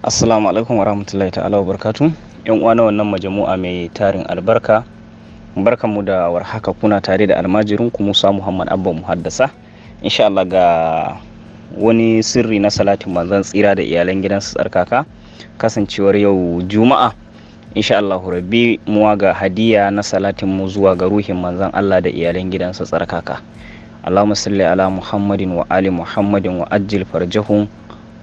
assalamu alaikum wa rahmatullahi ta'ala wa barkatu yan uwa na wannan majamu'a mai tarin albarka mu da warhaka kuna tare da almajirin ku Musa Muhammad Abba Muhaddasa insha Allah ga wani sirri na salatin manzon tsira da iyalan gidansu tsarkaka kasancewar yau juma'a insha Allah rabbi muwa ga hadiya na salatin mu zuwa ga ruhin manzon Allah da iyalan gidansa tsarkaka Allahumma salli ala Muhammadin wa ali Muhammadin wa ajil farjahum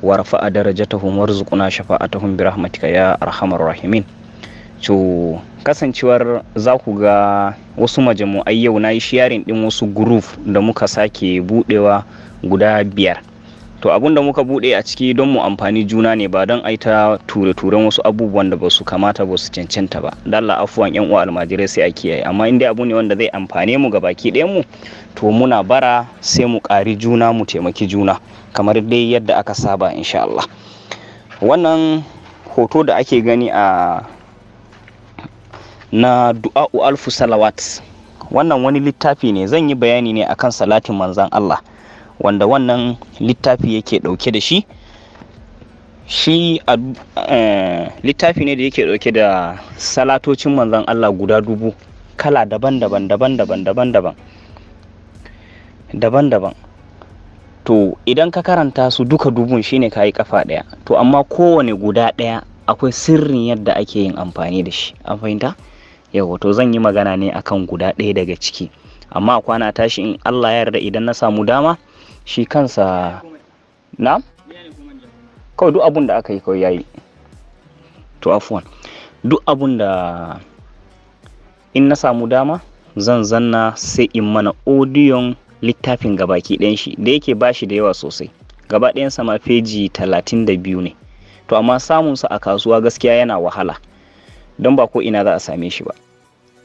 a darajatahum warzuqna shafa'atahum bi rahmatika ya arhamar rahimin to kasancewar za ku ga wasu majamu'ai yau na yi sharing din wasu guruf da muka sake budewa guda biyar to abun da muka bude a ciki don mu amfani juna ne ba don aita ture-turen wasu abubuwan da ba su kamata ba su cancanta ba dalla afuwan yan uwa almajirai sai a kiyaye amma inda abu ne wanda zai amfane mu ga baki ɗayan mu to muna bara sai mu ƙari juna mu taimaki juna kamar dai yadda aka saba insha Allah wannan hoto da ake gani a na du'a'u alfu salawat wannan wani littafi ne zan yi bayani ne akan salatin manzan Allah wanda wannan littafi yake dauke da shi shi eh, littafi ne da yake ɗauke da salatocin manzon Allah guda dubu kala daban-daban daban-daban daban-daban daban-daban to idan ka karanta su duka dubun shine kayi kafa ɗaya to amma kowane guda ɗaya akwai sirrin yadda ake yin amfani da shi an fahimta yawa to zan yi magana ne akan guda ɗaya daga ciki amma kwana tashi in Allah ya yarda idan na samu dama shi kansa na kawai duk abun da aka yi kawai yayi to afuwan duk abun da in na samu dama zan zanna sai in mana odiyon littafin gabaki ɗayan shi da yake bashi da yawa sosai gaba ɗayan sama feji 32 ne to amma samunsa a kasuwa gaskiya yana wahala don ba ko ina za a same shi ba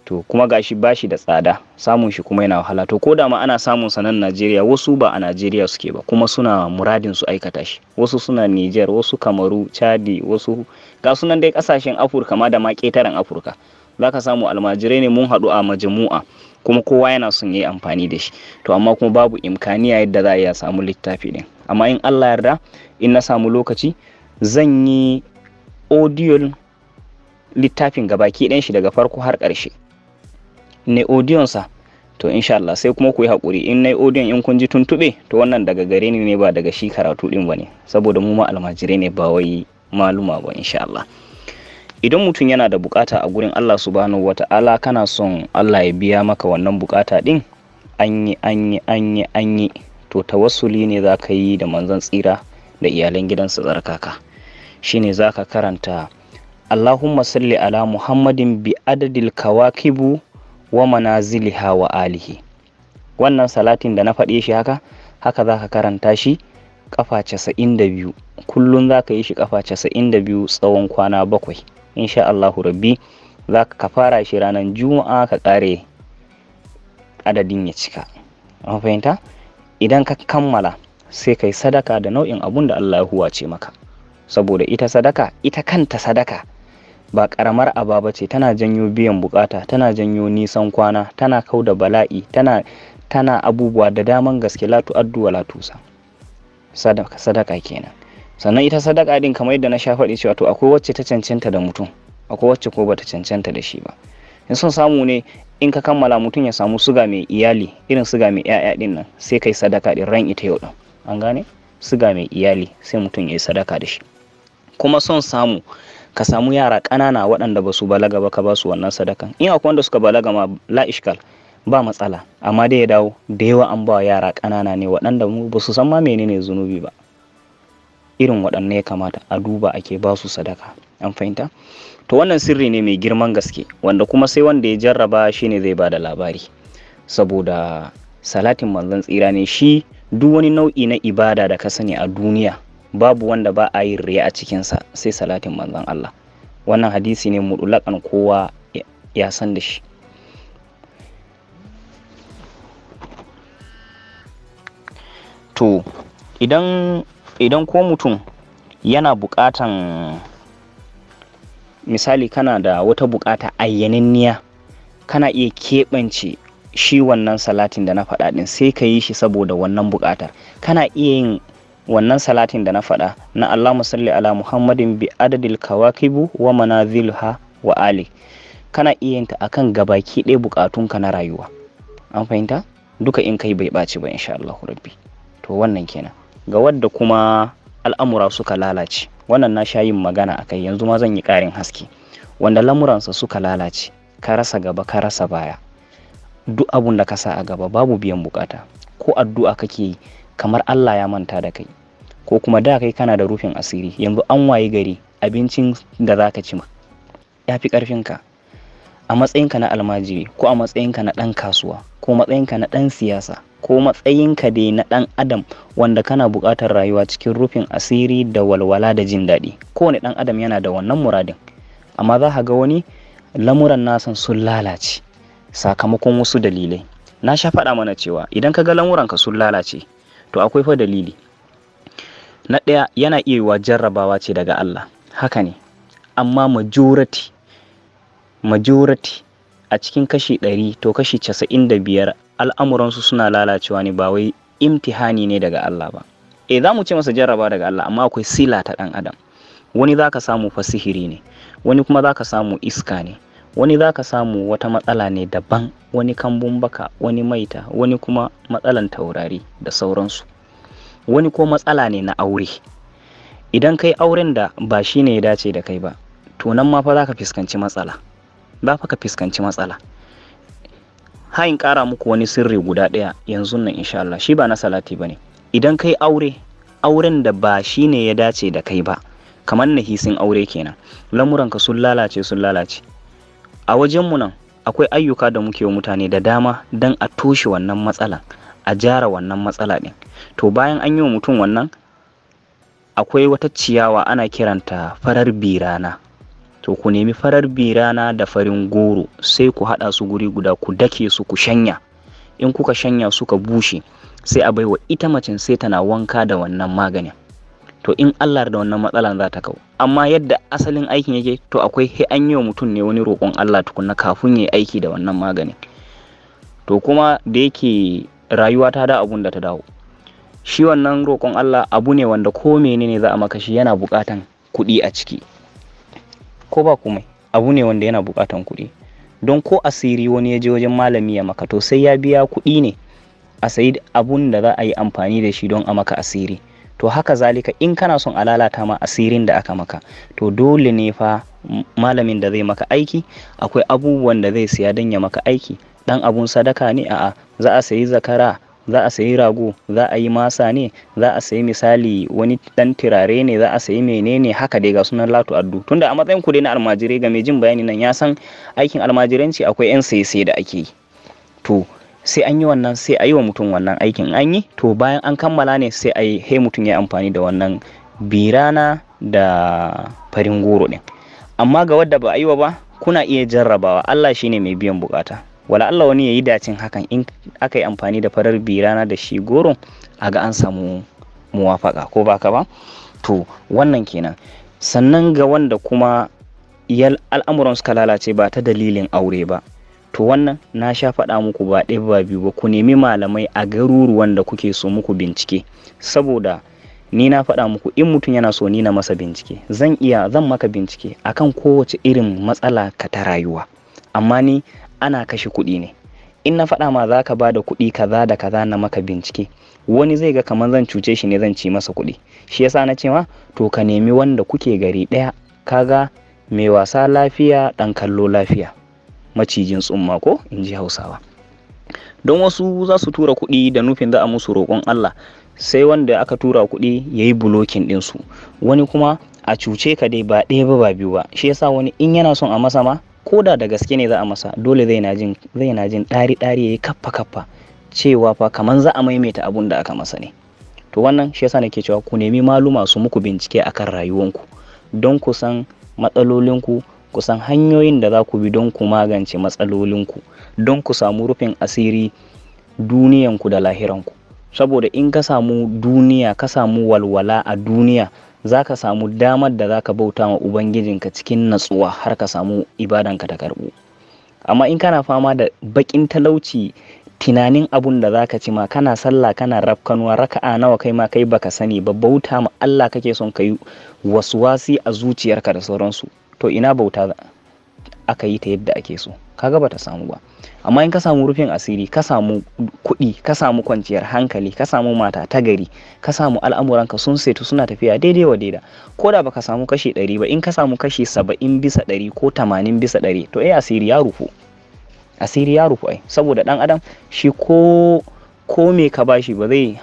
to kuma gashi bashi da tsada samun shi kuma yana wahala to koda ma ana samun sa nan Najeriya wasu ba a Najeriya suke ba kuma suna muradin su aikata shi wasu suna Niger wasu Kamaru Chadi wasu ga sunan dai kasashen Afirka ma da ma ketaren Afirka zaka samu almajirai ne mun haɗu a majmu'a kuma kowa yana son yayi amfani da shi to amma kuma babu imkaniya yadda za a iya samu littafi din amma in Allah yarda in na samu lokaci zan yi audio littafin gabaki ɗin shi daga farko har ƙarshe na audion sa to insha Allah sai kuma ku yi hakuri in na audion in kun ji tuntuɓe. to wannan daga gare ni ne ba daga shi karatu din ne. saboda mu ma almajirai ne ba wai maluma ba insha Allah idan mutum yana da bukata a gurin Allah subhanahu wata'ala kana son Allah ya biya maka wannan bukata din anyi anyi anyi anyi to tawassuli ne za ka yi da manzon tsira da iyalan gidansa tsarkaka shine za ka karanta Allahumma salli ala Muhammadin bi adadil kawakibu wa manaziliha wa alihi wannan salatin da na faɗe shi haka haka za ka karanta shi kafa casa'in da biyu kullum za ka yi shi kafa casa'in da biyu tsawon kwana bakwai insha Allahu rabbi za ka fara shi ranar juma'a ka kare adadin ya cika an fahimta idan ka kammala sai ka yi sadaka da nau'in abun da Allah ya huwace maka saboda ita sadaka ita kanta sadaka ba karamar aba ba ce tana janyo biyan bukata tana janyo nisan kwana tana kau da bala'i tana tana abubuwa da daman gaske latu addua latusa. sadaka kenan sannan ita sadaka din kamar yadda na sha faɗi cewa to akwai wacce ta cancanta da mutum akwai wacce ko bata cancanta da shi ba in son samu ne in ka kammala mutum ya samu suga mai iyali irin suga mai yaya din nan sai kai sadaka din ran ita yau din an gane suga mai iyali sai mutum ya yi sadaka da shi kuma son samu ka samu yara ƙanana waɗanda ba su balaga ba ka ba su wannan sadakan in akwai wanda suka balaga ma la ba matsala amma dai ya dawo da yawa an ba yara ƙanana ne waɗanda mu ba su san ma menene zunubi ba irin waɗanne ya kamata a duba ake ba su sadaka an fahimta to wannan sirri ne mai girman gaske wanda kuma sai wanda ya jarraba shine zai ba da labari saboda salatin manzon tsira ne shi duk wani nau'i na ibada da ka sani a duniya babu wanda ba a yin riya a cikinsa sai salatin manzon Allah wannan hadisi ne mutulakan kowa ya san da shi to idan idan ko mutum yana bukatan misali kana da wata bukata ayyaninniya kana iya keɓance shi wannan salatin da na faɗa sai ka yi shi saboda wannan buƙatar kana iya yin wannan salatin da na faɗa na Allah musalli ala Muhammadin bi adadil kawakibu wa manazilha wa ali kana iya yinta akan gabaki ɗaya ka na rayuwa an fahimta duka in kai bai ɓaci ba insha Allah rabbi to wannan kenan ga wadda kuma al'amura suka lalace wannan na sha yin magana akai yanzu ma zan yi ƙarin haske wanda lamuransa suka lalace ka rasa gaba ka rasa baya duk abun da ka sa a gaba babu biyan bukata ko addu'a kake yi kamar Allah ya manta da kai ko kuma da kai kana da rufin asiri yanzu an waye gari abincin da zaka ci ma ya fi ƙarfinka a matsayinka na almajiri ko a matsayinka na ɗan kasuwa ko matsayinka na ɗan siyasa ko matsayinka dai na ɗan adam wanda kana buƙatar rayuwa cikin rufin asiri da walwala da jin daɗi kowane ɗan adam yana da wannan muradin amma za ka ga wani lamuran nasa sun lalace sakamakon wasu dalilai na sha faɗa mana cewa idan ka ga lamuranka sun lalace to akwai fa dalili na ɗaya yana iya yiwa jarrabawa ce daga Allah haka ne amma majority majority a cikin kashi ɗari to kashi casa'in da biyar al'amuransu suna lalacewa ne ba wai imtihani ne daga Allah ba e za mu ce masa jarraba daga Allah amma akwai sila ta ɗan adam wani za ka samu fasihiri ne wani kuma za ka samu iska ne wani za ka samu wata matsala ne daban wani kambun baka wani maita wani kuma matsalan taurari da sauransu wani ko matsala ne na aure idan kai auren da ba shi ne ya dace da kai ba to nan ma fa za ka fuskanci matsala za fa ka fuskanci matsala hain kara muku wani sirri guda ɗaya yanzu nan insha Allah shi ba na salati bane idan kai aure auren da ba shi ne ya dace da kai ba kamar na hisin aure kenan lamuranka sun lalace sun lalace a wajenmu nan akwai ayyuka da muke wa mutane da dama don a toshe wannan matsala, a jara wannan matsala ɗin to bayan an yi wa mutum wannan akwai wata ciyawa ana kiranta farar birana to ku nemi farar birana da farin goro sai ku haɗa su guri guda ku dake su ku shanya in kuka shanya suka bushe sai a baiwa ita macin sai tana wanka da wannan maganin to in Allah da wannan matsalan za ta kau amma yadda asalin aikin yake to akwai he an yi wa mutum ne wani roƙon Allah tukunna kafin ya aiki da wannan magani. to kuma da yake rayuwa ta da abun da ta dawo shi wannan roƙon Allah abu ne wanda ko menene za a maka shi yana buƙatan kuɗi a ciki ko ba komai abu ne wanda yana buƙatan kuɗi don ko asiri wani ya je wajen malami ya maka to sai ya biya kuɗi ne a sayi abun da za a yi amfani da shi don a maka asiri to haka zalika in kana son a lalata ma asirin da aka maka to dole ne fa malamin da zai maka aiki akwai abubuwan da zai siya don ya maka aiki dan abun sadaka ne a'a za a sayi zakara za a sayi rago za a yi masa ne za a sayi misali wani dan turare ne za a sayi menene haka dai ga sunan latu addu tunda a matsayin ku dai na almajirai ga mai jin bayani nan ya san aikin almajiranci akwai yan sai da ake yi to sai an yi wannan sai a yi wa mutum wannan aikin an yi to bayan an kammala ne sai a yi hey mutum ya amfani da wannan birana da farin goro ɗin amma ga wadda ba a yi wa ba kuna iya jarrabawa Allah shine mai biyan bukata wala Allah wani ya yi dacin hakan in aka yi amfani da farar birana da shi goro a ga an samu muwafaka ko baka ba to wannan kenan sannan ga wanda kuma al'amuran suka lalace ba ta dalilin aure ba to wannan na sha faɗa muku ba ɗaya ba biyu ba ku nemi malamai a garuruwan da kuke so muku bincike saboda ni na faɗa muku in mutum yana so ni na masa bincike zan iya zan maka bincike akan kowace irin matsala ka ta rayuwa amma ni ana kashe kuɗi ne in na faɗa ma za ka ba da kuɗi kaza da kaza na maka bincike wani zai ga kamar zan cuce shi ne zan ci masa kuɗi shi yasa na ce ma to ka nemi wanda kuke gari ɗaya kaga mai wasa lafiya ɗan kallo lafiya macijin tsumma ko in ji hausawa don wasu za su tura kuɗi da nufin za a musu roƙon allah sai wanda aka tura kuɗi ya yi bulokin ɗinsu wani kuma a cuce ka dai ba ɗaya ba ba biyu ba shi yasa wani in yana son a masa ma ko da da gaske ne za a masa dole zai na jin ɗari ɗari ya yi kaffa kaffa cewa fa kaman za a maimaita abun da aka masa ne to wannan shi yasa nake cewa ku nemi maluma su muku bincike akan rayuwanku don ku san matsalolinku ku san hanyoyin da za ku bi don ku magance matsalolinku don ku samu rufin asiri duniyanku da lahiranku saboda in ka samu duniya ka samu walwala a duniya za ka samu damar da za ka bauta ma ubangijinka cikin natsuwa har ka samu ibadanka ta karbu amma in kana fama da bakin talauci tunanin abun da zaka ci ma kana sallah kana rafkanuwa raka'a nawa kai ma kai baka sani ba bauta ma Allah kake son kai waswasi a zuciyarka da sauransu to ina bauta aka yi ta yadda ake so kaga bata samu ba amma in ka samu rufin asiri ka samu kuɗi ka samu kwanciyar hankali ka samu mata ta gari ka samu al'amuranka sun setu suna tafiya daidai wa daida ko da baka samu kashi ɗari ba in ka samu kashi saba'in bisa ɗari ko tamanin bisa ɗari to eh asiri ya rufu asiri ya rufu ai saboda ɗan adam shi ko ko me ka bashi ba zai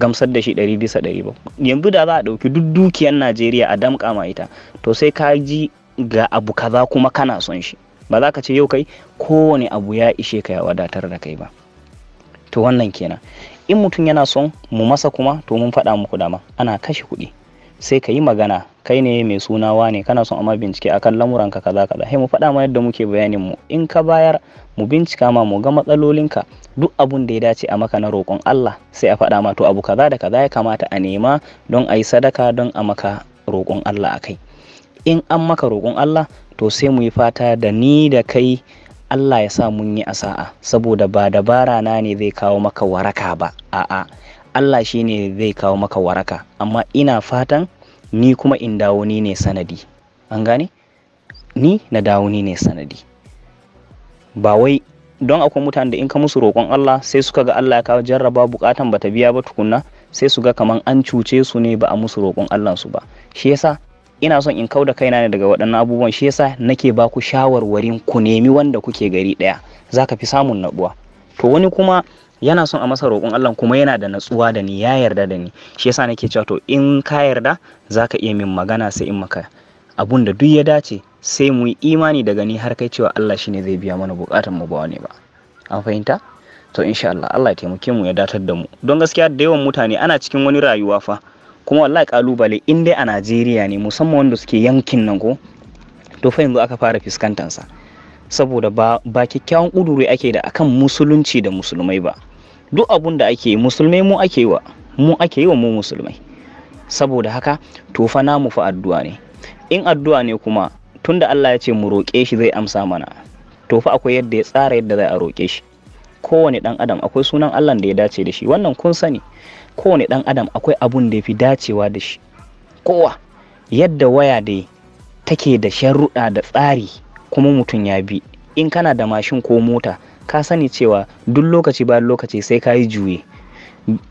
gamsar da shi ɗari bisa ɗari ba yanzu da za a ɗauki duk dukiyar najeriya a damƙa ma ita to sai ka ji ga abu kaza kuma kana son shi ba za ka ce yau kai kowane abu ya ishe ka ya wadatar da kai ba to wannan kenan in mutum yana son mu masa kuma to mun faɗa muku dama ana kashe kuɗi sai ka yi magana kai ne mai sunawa ne kana son amma bincike akan lamuranka kaza kaza hey mu faɗa ma yadda muke bayanin mu in ka bayar mu bincika ma mu ga matsalolinka duk abun da ya dace a maka na roƙon Allah sai a faɗa ma to abu kaza da kaza ya kamata a nema don a yi sadaka don a maka roƙon Allah a kai in an maka roƙon Allah to sai mu yi fata da ni da kai Allah ya sa mun yi a sa'a saboda ba dabara na ne zai kawo maka waraka ba a'a Allah shi ne zai kawo maka waraka amma ina fatan ni kuma in dawo ni ne sanadi an gane ni na dawo ni ne sanadi ba wai don akwai mutane da in ka musu roƙon Allah sai suka ga Allah ya kawo jarraba bukatan bata biya ba tukunna sai su ga kaman an cuce su ne ba a musu roƙon Allah su ba shi yasa ina son in kauda kaina ne daga waɗannan abubuwan shi yasa nake ba ku shawarwarin ku nemi wanda kuke gari ɗaya za ka fi samun natsuwa to wani kuma yana son a masa roƙon Allah kuma yana da natsuwa da ni ya yarda da ni shi yasa nake cewa to in ka yarda za ka iya min magana sai in maka abun da duk ya dace sai mu yi imani daga ni har kai cewa Allah shi ne zai biya mana buƙatar mu ba wani ba an fahimta to insha Allah Allah ya taimake mu ya datar da mu don gaskiya da yawan mutane ana cikin wani rayuwa fa kuma wallahi kalubale in dai a najeriya ne musamman wanda suke yankin nan ko to fa yanzu aka fara sa saboda ba ba kyakkyawan ƙuduri ake da akan musulunci da musulmai ba duk abun da ake musulmai mu ake wa mu ake wa mu musulmai saboda haka to fa namu fa addu'a ne in addu'a ne kuma tunda Allah ya ce mu roƙe shi zai amsa mana to fa akwai yadda ya tsara yadda za a roƙe shi kowane dan adam akwai sunan Allah da ya dace da shi wannan kun sani kowane ɗan adam akwai abun da ya fi dacewa da shi kowa yadda waya da take da sharuɗa da tsari kuma mutum ya bi in kana da mashin ko mota ka sani cewa duk lokaci bayan lokaci sai ka yi juye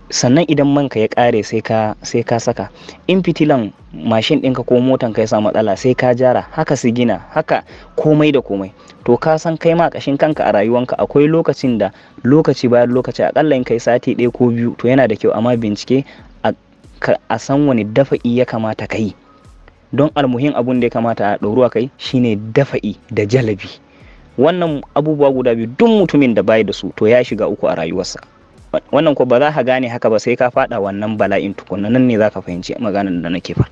sannan idan manka ya kare sai ka saka in fitilan mashin ɗinka ko motan ka ya samu matsala sai ka jara haka su gina haka komai da komai to ka san kai ma kashin kanka a rayuwanka akwai lokacin da lokaci bayan lokaci akalla in kai sati ɗaya ko biyu to yana da kyau amma bincike a san wani dafa'i ya kamata ka yi don almuhin abun da ya kamata a ɗauruwa kai shine dafa'i da jalabi wannan abubuwa guda biyu duk mutumin da bai da su to ya shiga uku a rayuwarsa wannan ko ba za ka gane haka ba sai ka fada wannan bala'in tukunna nan ne za ka fahimci maganar da nake fa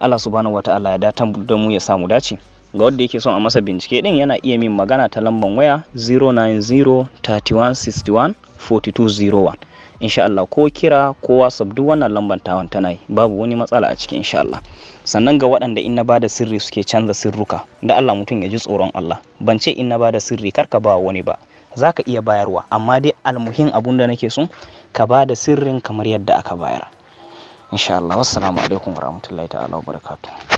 Allah subhanahu wataala ya datan da mu ya samu dace ga wanda yake son a masa bincike din yana iya min magana ta lamban waya 09031614201 4201 insha Allah ko kira ko whatsapp duk wannan lamban ta tana yi babu wani matsala a ciki insha Allah sannan ga waɗanda in na bada sirri suke canza sirruka da Allah mutum ya ji tsoron Allah ban ce in na bada sirri karka ba wani ba za ka iya bayarwa amma dai almuhin abun da nake so ka ba da sirrin kamar yadda aka bayar insha Allah wassalamu alaikum warahmatullahi ta'ala wabarakatuh